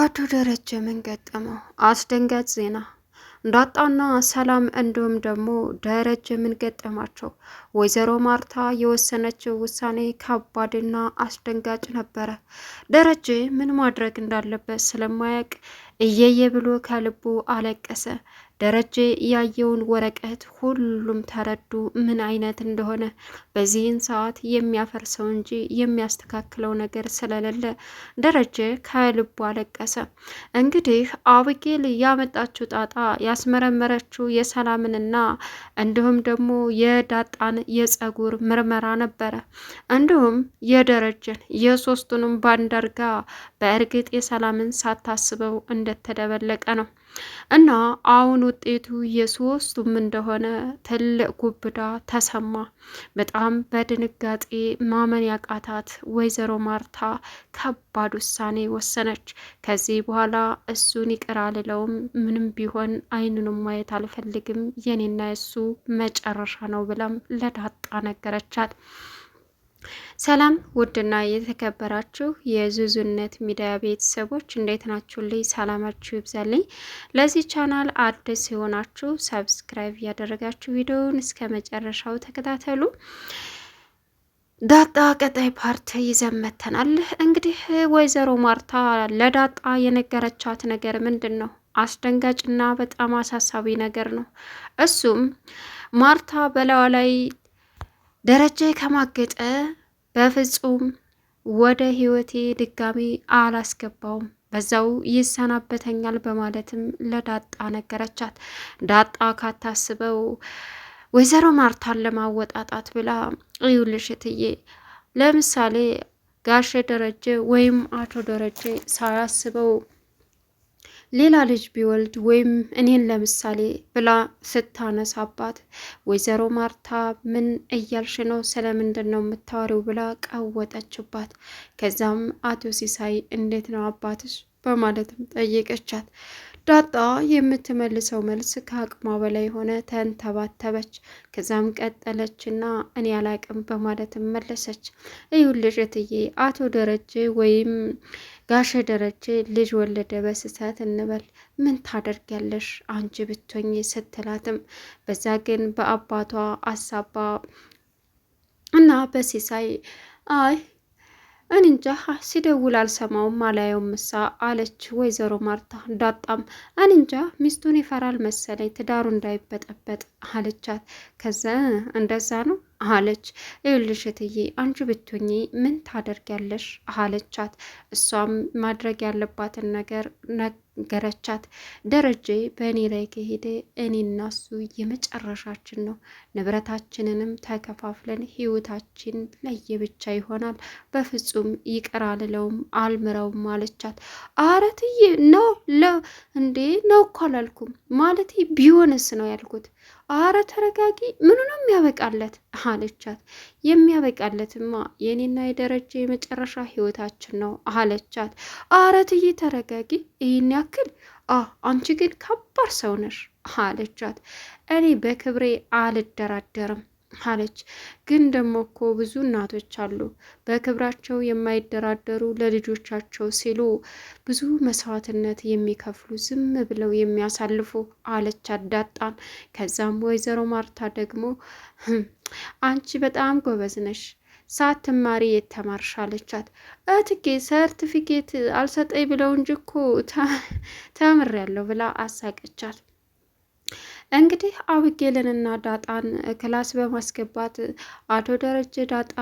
አቶ ደረጀ ምን ገጠመው? አስደንጋጭ ዜና ዳጣና ሰላም እንዲሁም ደግሞ ደረጀ ምን ገጠማቸው? ወይዘሮ ማርታ የወሰነችው ውሳኔ ከባድና አስደንጋጭ ነበረ። ደረጀ ምን ማድረግ እንዳለበት ስለማያውቅ እየየ ብሎ ከልቡ አለቀሰ። ደረጀ ያየውን ወረቀት ሁሉም ተረዱ ምን አይነት እንደሆነ። በዚህን ሰዓት የሚያፈርሰው እንጂ የሚያስተካክለው ነገር ስለሌለ ደረጀ ከልቡ አለቀሰ። እንግዲህ አብጌል ያመጣችው ጣጣ ያስመረመረችው የሰላምንና እንዲሁም ደግሞ የዳጣን የፀጉር ምርመራ ነበረ። እንዲሁም የደረጀን የሶስቱንም ባንድ በእርግጥ የሰላምን ሳታስበው እንደተደበለቀ ነው። እና አሁን ውጤቱ የሶስቱም እንደሆነ ትልቅ ጉብዳ ተሰማ። በጣም በድንጋጤ ማመን ያቃታት ወይዘሮ ማርታ ከባድ ውሳኔ ወሰነች። ከዚህ በኋላ እሱን ይቅር አልለውም፣ ምንም ቢሆን አይኑንም ማየት አልፈልግም፣ የኔና የሱ መጨረሻ ነው ብለም ለዳጣ ነገረቻት። ሰላም ውድና የተከበራችሁ የዙዙነት ሚዲያ ቤተሰቦች እንዴት ልይ ሰላማችሁ ይብዛልኝ። ለዚህ ቻናል አዲስ የሆናችሁ ሰብስክራይብ እያደረጋችሁ ቪዲዮውን እስከ መጨረሻው ተከታተሉ። ዳጣ ቀጣይ ፓርት ይዘን መጥተናል። እንግዲህ ወይዘሮ ማርታ ለዳጣ የነገረቻት ነገር ምንድን ነው? አስደንጋጭና በጣም አሳሳቢ ነገር ነው። እሱም ማርታ በላዋ ላይ ደረጀ ከማገጠ በፍጹም ወደ ህይወቴ ድጋሚ አላስገባውም በዛው ይሰናበተኛል በማለትም ለዳጣ ነገረቻት። ዳጣ ካታስበው ወይዘሮ ማርታን ለማወጣጣት ብላ እዩልሽ እትዬ ለምሳሌ ጋሼ ደረጀ ወይም አቶ ደረጀ ሳያስበው ሌላ ልጅ ቢወልድ ወይም እኔን ለምሳሌ ብላ ስታነሳባት ወይዘሮ ማርታ ምን እያልሽ ነው? ስለምንድን ነው የምታወሪው? ብላ ቀወጠችባት። ከዛም አቶ ሲሳይ እንዴት ነው አባትሽ በማለትም ጠየቀቻት። ዳጣ የምትመልሰው መልስ ከአቅሟ በላይ ሆነ። ተንተባተበች። ከዛም ቀጠለችና እኔ አላቅም በማለትም መለሰች። ልጅ እትዬ፣ አቶ ደረጀ ወይም ጋሸ ደረጀ ልጅ ወለደ በስህተት እንበል ምን ታደርጊያለሽ አንቺ ብትሆኚ ስትላትም በዛ ግን በአባቷ አሳባ እና በሲሳይ አይ እንንጃ ሲደውል አልሰማውም አላየውም ምሳ አለች ወይዘሮ ማርታ። ዳጣም እንንጃ ሚስቱን ይፈራል መሰለኝ ትዳሩ እንዳይበጠበጥ አለቻት። ከዛ እንደዛ ነው አለች። ይኸውልሽ እትዬ አንቺ ብትሆኚ ምን ታደርጊያለሽ? አለቻት። እሷም ማድረግ ያለባትን ነገር ነገረቻት። ደረጀ በእኔ ላይ ከሄደ እኔ እናሱ እሱ የመጨረሻችን ነው። ንብረታችንንም ተከፋፍለን ህይወታችን ለየብቻ ይሆናል። በፍጹም ይቅር አልለውም አልምረውም አለቻት። ኧረ እትዬ ነው እንዴ ነው እኮ አላልኩም ማለት ቢሆንስ ነው ያልኩት አረ ተረጋጊ፣ ምኑ ነው የሚያበቃለት አለቻት። የሚያበቃለትማ የኔና የደረጀ የመጨረሻ ህይወታችን ነው አለቻት። አረ ትዬ ተረጋጊ፣ ይህን ያክል አ አንቺ ግን ከባድ ሰው ነሽ አለቻት። እኔ በክብሬ አልደራደርም አለች። ግን ደግሞ እኮ ብዙ እናቶች አሉ በክብራቸው የማይደራደሩ ለልጆቻቸው ሲሉ ብዙ መስዋዕትነት የሚከፍሉ ዝም ብለው የሚያሳልፉ አለች አዳጣን። ከዛም ወይዘሮ ማርታ ደግሞ አንቺ በጣም ጎበዝ ነሽ ሳትማሪ የተማርሽ አለቻት። እትጌ ሰርቲፊኬት አልሰጠኝ ብለው እንጂ እኮ ተምሬያለሁ ብላ አሳቀቻት። እንግዲህ አብጌልንና ዳጣን ክላስ በማስገባት አቶ ደረጀ ዳጣ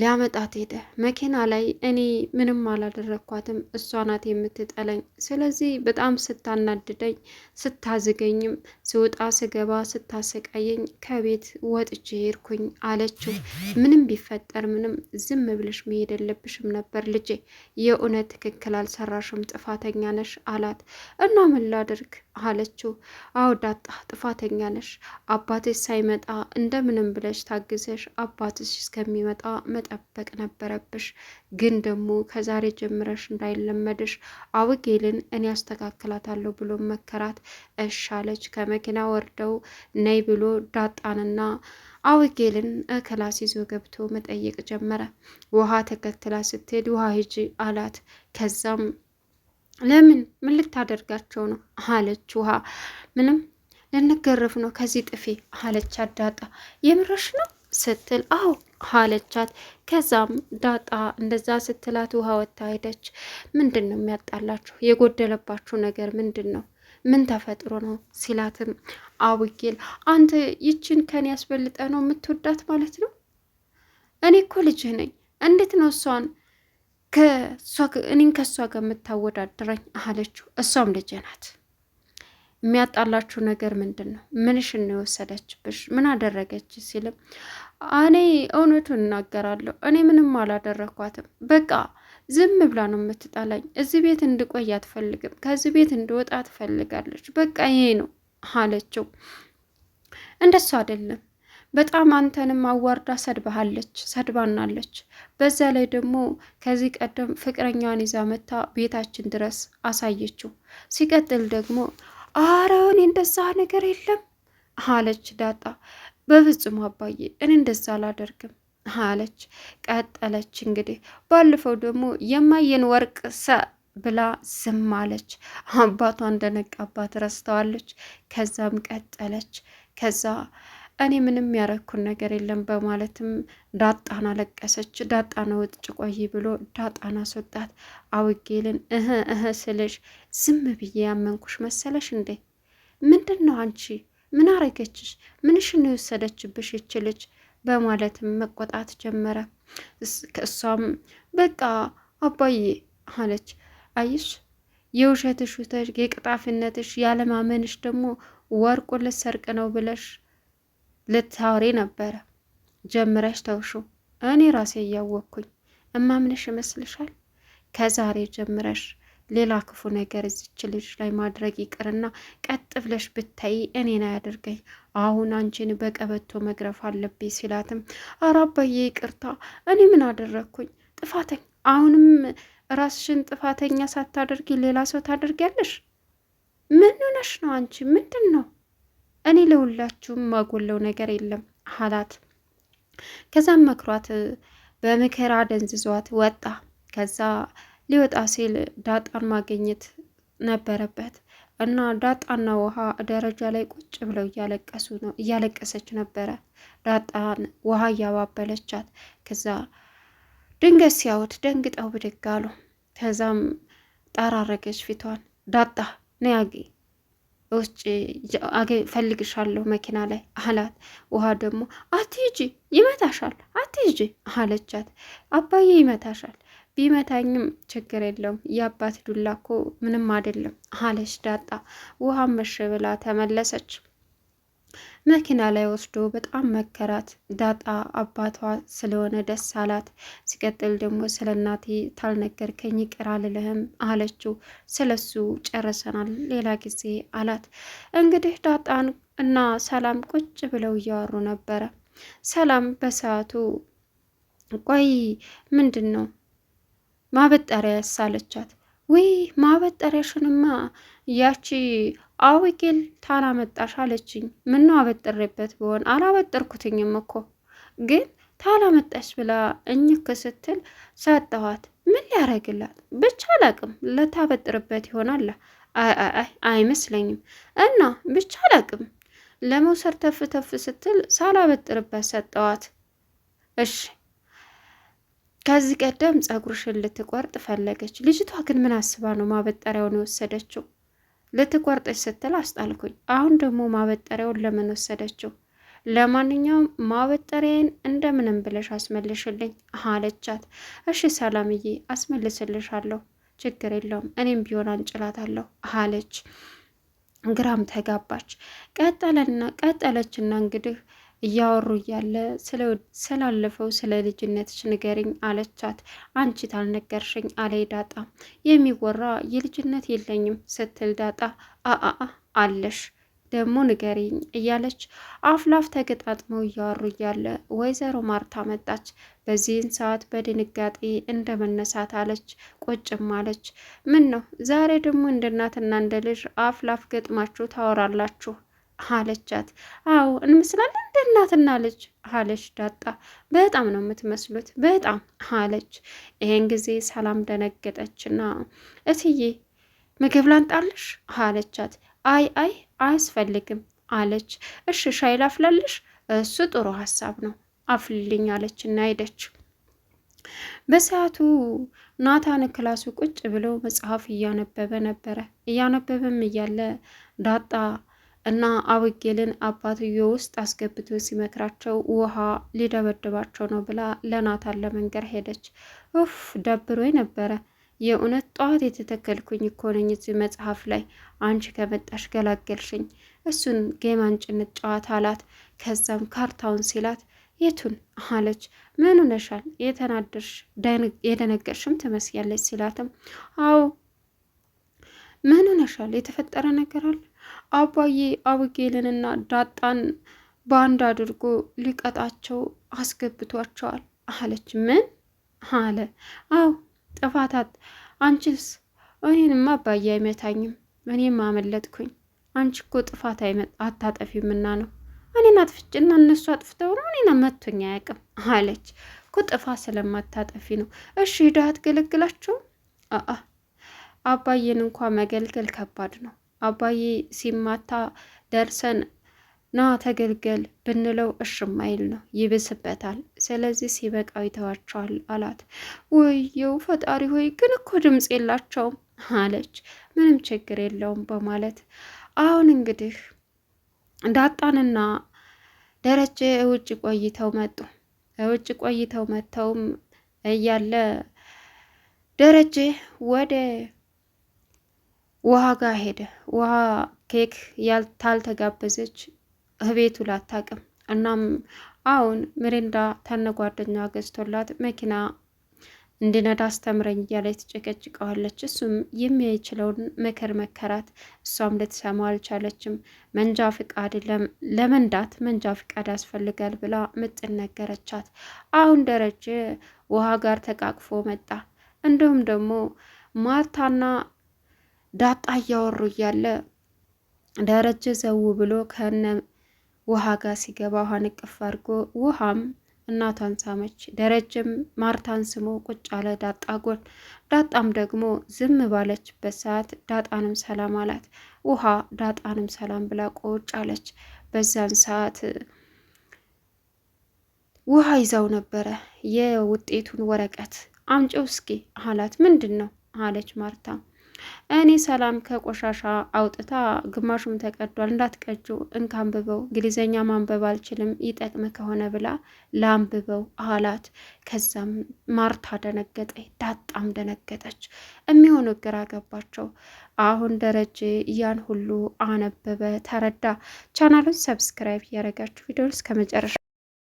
ሊያመጣት ሄደ። መኪና ላይ እኔ ምንም አላደረግኳትም፣ እሷ ናት የምትጠለኝ። ስለዚህ በጣም ስታናድደኝ፣ ስታዝገኝም፣ ስውጣ ስገባ ስታሰቃየኝ ከቤት ወጥቼ ሄድኩኝ አለችው። ምንም ቢፈጠር ምንም ዝም ብለሽ መሄድ የለብሽም ነበር ልጄ፣ የእውነት ትክክል አልሰራሽም፣ ጥፋተኛ ነሽ አላት እና ምን ላድርግ አለችው። አዎ ዳጣ ጥፋተኛ ነሽ። አባትሽ ሳይመጣ እንደምንም ብለሽ ታግዘሽ አባትሽ እስከሚመጣ መጠበቅ ነበረብሽ። ግን ደግሞ ከዛሬ ጀምረሽ እንዳይለመድሽ አውጌልን እኔ አስተካክላታለሁ ብሎ መከራት። እሺ አለች። ከመኪና ወርደው ነይ ብሎ ዳጣንና አውጌልን ክላስ ይዞ ገብቶ መጠየቅ ጀመረ። ውሃ ተከትላ ስትሄድ ውሃ ሂጂ አላት። ከዛም ለምን ምን ልታደርጋቸው ነው አለች ውሃ። ምንም ልንገረፍ ነው ከዚህ ጥፊ አለች ዳጣ። የምረሽ ነው ስትል አዎ አለቻት። ከዛም ዳጣ እንደዛ ስትላት ውሃ ወታ ሄደች። ምንድን ነው የሚያጣላችሁ? የጎደለባችሁ ነገር ምንድን ነው? ምን ተፈጥሮ ነው ሲላትም አቡጌል አንተ ይችን ከኔ ያስበልጠ ነው የምትወዳት ማለት ነው? እኔ እኮ ልጅህ ነኝ። እንዴት ነው እሷን እኔን ከእሷ ጋር የምታወዳድረኝ አለችው። እሷም ልጄ ናት። የሚያጣላችሁ ነገር ምንድን ነው? ምንሽ ነው ምን አደረገች? ሲልም እኔ እውነቱን እናገራለሁ። እኔ ምንም አላደረኳትም። በቃ ዝም ብላ ነው የምትጠላኝ። እዚህ ቤት እንድቆይ አትፈልግም። ከዚህ ቤት እንድወጣ ትፈልጋለች። በቃ ይሄ ነው አለችው። እንደሱ አይደለም በጣም አንተንም አዋርዳ ሰድባሃለች፣ ሰድባናለች። በዛ ላይ ደግሞ ከዚህ ቀደም ፍቅረኛዋን ይዛ መታ ቤታችን ድረስ አሳየችው። ሲቀጥል ደግሞ አረውን እንደዛ ነገር የለም አለች ዳጣ። በፍጹም አባዬ እኔ እንደዛ አላደርግም አለች። ቀጠለች እንግዲህ ባለፈው ደግሞ የማየን ወርቅ ሰ ብላ ዝም አለች። አባቷ እንደነቃባት ረስተዋለች። ከዛም ቀጠለች ከዛ እኔ ምንም ያረኩን ነገር የለም በማለትም ዳጣን አለቀሰች። ዳጣን ውጭ ቆይ ብሎ ዳጣን አስወጣት። አውጌልን እህ እህ ስልሽ ዝም ብዬ ያመንኩሽ መሰለሽ እንዴ? ምንድን ነው አንቺ ምን አረገችሽ? ምንሽ ነው የወሰደችብሽ ይችልች? በማለትም መቆጣት ጀመረ። እሷም በቃ አባዬ አለች። አይሽ የውሸትሽ ውተሽ የቅጣፊነትሽ ያለማመንሽ ደግሞ ወርቁ ልሰርቅ ነው ብለሽ ልታወሬ ነበረ ጀምረሽ ተውሹ። እኔ ራሴ እያወቅኩኝ እማምንሽ ይመስልሻል? ከዛሬ ጀምረሽ ሌላ ክፉ ነገር እዚች ልጅ ላይ ማድረግ ይቅርና ቀጥ ብለሽ ብታይ እኔን አያደርገኝ። አሁን አንቺን በቀበቶ መግረፍ አለብኝ ሲላትም አረ አባዬ ይቅርታ፣ እኔ ምን አደረግኩኝ? ጥፋተኝ አሁንም ራስሽን ጥፋተኛ ሳታደርጊ ሌላ ሰው ታደርጊያለሽ? ምን ሆነሽ ነው አንቺ? ምንድን ነው እኔ ለሁላችሁም ማጎለው ነገር የለም አላት። ከዛም መክሯት በምክር አደንዝዟት ወጣ። ከዛ ሊወጣ ሲል ዳጣን ማግኘት ነበረበት እና ዳጣና ውሃ ደረጃ ላይ ቁጭ ብለው እያለቀሱ ነው እያለቀሰች ነበረ። ዳጣን ውሃ እያባበለቻት ከዛ ድንገት ሲያዩት ደንግጠው ብድግ አሉ። ከዛም ጠራረገች ፊቷን ዳጣ ነያጌ ውጭ ፈልግሻለሁ መኪና ላይ አላት። ውሃ ደግሞ አትሂጂ ይመታሻል፣ አትሂጂ አለቻት። አባዬ ይመታሻል፣ ቢመታኝም ችግር የለውም የአባት ዱላ እኮ ምንም አይደለም አለች ዳጣ። ውሃም መሽ ብላ ተመለሰች። መኪና ላይ ወስዶ በጣም መከራት። ዳጣ አባቷ ስለሆነ ደስ አላት። ሲቀጥል ደግሞ ስለ እናቴ ታልነገርከኝ ይቅር አልልህም አለችው። ስለሱ ጨርሰናል፣ ሌላ ጊዜ አላት። እንግዲህ ዳጣን እና ሰላም ቁጭ ብለው እያወሩ ነበረ። ሰላም በሰዓቱ ቆይ ምንድን ነው ማበጠሪያ ያሳለቻት? ውይ ማበጠሪያሽንማ ያቺ አዊቄን ታላመጣሽ አለችኝ። ነው አበጥሬበት ብሆን አላበጠርኩትኝም እኮ ግን ታላመጣሽ ብላ እኝክ ስትል ሰጠኋት። ምን ሊያደርግላት ብቻ አላቅም። ለታበጥርበት ይሆናል አይ አይመስለኝም። እና ብቻ አላቅም ለመውሰድ ተፍ ተፍ ስትል ሳላበጥርበት ሰጠዋት። እሺ ከዚህ ቀደም ጸጉርሽን ልትቆርጥ ፈለገች። ልጅቷ ግን ምን አስባ ነው ማበጠሪያውን የወሰደችው? ልትቆርጠች ስትል አስጣልኩኝ። አሁን ደግሞ ማበጠሪያውን ለምን ወሰደችው? ለማንኛውም ማበጠሪያዬን እንደምንም ብለሽ አስመልሽልኝ አለቻት። እሺ ሰላምዬ አስመልስልሻለሁ፣ ችግር የለውም እኔም ቢሆን አንጭላታለሁ አለች። ግራም ተጋባች። ቀጠለችና እንግዲህ እያወሩ እያለ ስላለፈው ስለ ልጅነትሽ ንገርኝ አለቻት። አንቺ ታልነገርሽኝ አለይ ዳጣ። የሚወራ የልጅነት የለኝም ስትል ዳጣ አአ አለሽ ደግሞ ንገሪኝ እያለች አፍላፍ ተገጣጥመው እያወሩ እያለ ወይዘሮ ማርታ መጣች። በዚህን ሰዓት በድንጋጤ እንደ መነሳት አለች፣ ቆጭም አለች። ምን ነው ዛሬ ደግሞ እንደ እናትና እንደ ልጅ አፍላፍ ገጥማችሁ ታወራላችሁ አለቻት። አዎ እንመስላለን እንደ እናትና ልጅ አለች ዳጣ። በጣም ነው የምትመስሉት በጣም አለች። ይሄን ጊዜ ሰላም ደነገጠችና እትዬ ምግብ ላንጣልሽ አለቻት። አይ አይ አያስፈልግም አለች። እሺ ሻይ ላፍላልሽ? እሱ ጥሩ ሀሳብ ነው አፍልልኝ አለች እና ሄደች። በሰዓቱ ናታን ክላሱ ቁጭ ብሎ መጽሐፍ እያነበበ ነበረ። እያነበበም እያለ ዳጣ እና አብጌልን አባትዮ ውስጥ አስገብቶ ሲመክራቸው ውሃ ሊደበድባቸው ነው ብላ ለናታን ለመንገር ሄደች። ኡፍ ደብሮኝ ነበረ የእውነት ጠዋት የተተከልኩኝ እኮ ነኝ እዚህ መጽሐፍ ላይ አንቺ ከመጣሽ ገላገልሽኝ። እሱን ጌማን ጭነት ጨዋታ አላት። ከዛም ካርታውን ሲላት የቱን አለች። ምን ነሻል የተናደርሽ የደነገርሽም ትመስያለች ሲላትም አው ምን ነሻል የተፈጠረ ነገር አለ አባዬ አብጌልንና ዳጣን በአንድ አድርጎ ሊቀጣቸው አስገብቷቸዋል አለች። ምን አለ? አው ጥፋታት። አንቺስ? እኔንም አባዬ አይመታኝም፣ እኔም አመለጥኩኝ። አንቺ እኮ ጥፋት አታጠፊምና ነው። እኔን አጥፍጭና እነሱ አጥፍተው ነው እኔን መቶኝ አያውቅም አለች። እኮ ጥፋት ስለማታጠፊ ነው። እሺ ሂዳ አትገለግላቸውም? አአ አባዬን እንኳ መገልገል ከባድ ነው አባዬ ሲማታ ደርሰን ና ተገልገል ብንለው እሽም አይል ነው፣ ይብስበታል። ስለዚህ ሲበቃው ይተዋቸዋል አላት። ወየው ፈጣሪ ሆይ ግን እኮ ድምፅ የላቸውም አለች። ምንም ችግር የለውም በማለት አሁን እንግዲህ ዳጣንና ደረጀ እውጭ ቆይተው መጡ። እውጭ ቆይተው መጥተውም እያለ ደረጀ ወደ ውሃ ጋር ሄደ። ውሃ ኬክ ያልታልተጋበዘች ህቤቱ ላታቅም። እናም አሁን ምሬንዳ ተነ ጓደኛ ገዝቶላት መኪና እንድነዳ አስተምረኝ እያለች ትጨቀጭቀዋለች። እሱም የሚችለውን ምክር መከራት፣ እሷም ልትሰማ አልቻለችም። መንጃ ፍቃድ ለመንዳት መንጃ ፍቃድ ያስፈልጋል ብላ ምጥን ነገረቻት። አሁን ደረጀ ውሃ ጋር ተቃቅፎ መጣ። እንዲሁም ደግሞ ማርታና ዳጣ እያወሩ እያለ ደረጀ ዘው ብሎ ከነ ውሃ ጋር ሲገባ ውሃን እቅፍ አድርጎ ውሃም እናቷን ሳመች። ደረጀም ማርታን ስሞ ቁጭ አለ ዳጣ ጎን። ዳጣም ደግሞ ዝም ባለችበት ሰዓት ዳጣንም ሰላም አላት። ውሃ ዳጣንም ሰላም ብላ ቁጭ አለች። በዛን ሰዓት ውሃ ይዛው ነበረ የውጤቱን ወረቀት አምጪው እስኪ አላት። ምንድን ነው አለች ማርታ እኔ ሰላም ከቆሻሻ አውጥታ ግማሹም ተቀዷል እንዳትቀጂው እንካንብበው እንግሊዘኛ ማንበብ አልችልም ይጠቅም ከሆነ ብላ ላንብበው አላት። ከዛም ማርታ ደነገጠ ዳጣም ደነገጠች። የሚሆኑ ግራ ገባቸው። አሁን ደረጀ ያን ሁሉ አነበበ፣ ተረዳ። ቻናሉን ሰብስክራይብ እያደረጋችሁ ቪዲዮን እስከ መጨረሻ